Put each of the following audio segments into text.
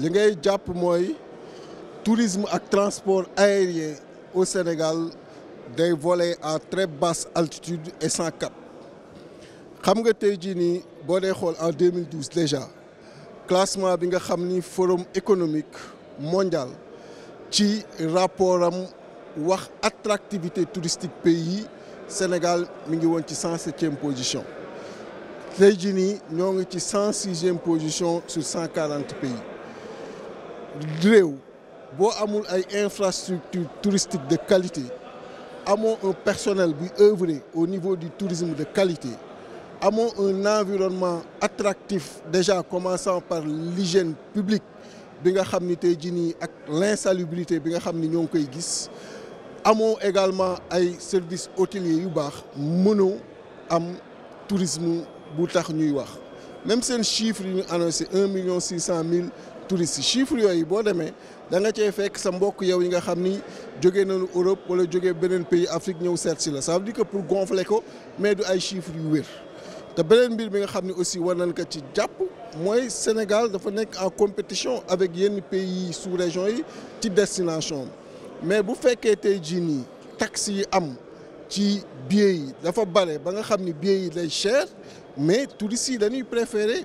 li ngay que le tourisme le transport aérien au Sénégal sont à très basse altitude et sans cap xam nga en 2012 déjà classement du forum économique mondial qui rapport sur l'attractivité attractivité touristique pays Sénégal est en 107e position Nous avons 106e position sur 140 pays. Nous avons une infrastructure touristique de qualité un personnel qui œuvre au niveau du tourisme de qualité un environnement attractif déjà commençant par l'hygiène publique l'insalubrité bi nga également un services hôteliers yu tourisme bu tax ñuy même le chiffre yu est annoncé un million touristes chiffre bo da nga sa mbokk yow nga Europe pays Afrique ça veut dire que pour gonfler ko mais du ay chiffres yu te benen des bi nga aussi Sénégal en compétition avec pays sous région yi ci destination mais bu féké tay jini taxi am ci yi ba nga cher mais touristes dañuy préférer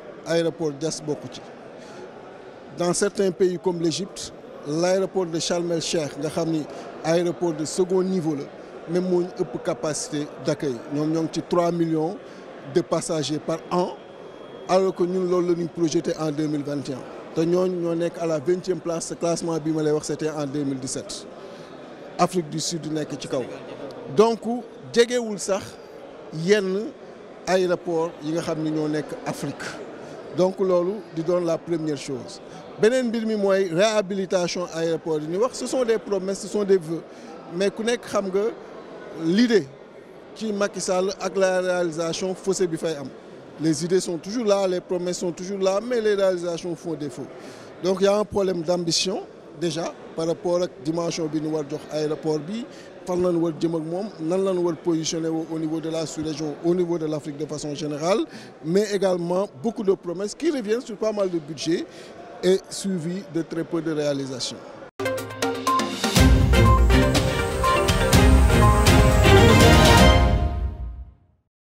aéroport de dans certains pays comme l'Égypte l'aéroport de Sharm el Cheikh nga aéroport de second niveau mais même capacité d'accueil Nous avons 3 millions de passagers par an alors que nous, l'avons projeté en 2021 Nous sommes à la 20e place classement c'était en 2017 Afrique du Sud nekk ci kaw donc vous sax yenn aéroport yi Afrique donc loolu di donne la première chose Benen mbir mi réhabilitation aéroport l'aéroport ce sont des promesses ce sont des vœux mais ku savez, l'idée qui Macky Sall avec la réalisation fossé bi les idées sont toujours là les promesses sont toujours là mais les réalisations font défaut donc il y a un problème d'ambition déjà par rapport à dimension bi l'aéroport. war jox aéroport bi de au niveau de la sous-région au niveau de l'Afrique de façon générale mais également beaucoup de promesses qui reviennent sur pas mal de budgets et suivies de très peu de réalisations